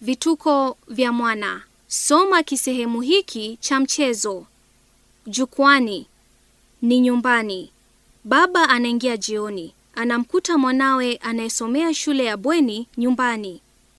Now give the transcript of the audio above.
Vituko vya mwana. Soma kisehemu hiki cha mchezo. Jukwani ni nyumbani. Baba anaingia jioni, anamkuta mwanawe anayesomea shule ya bweni nyumbani.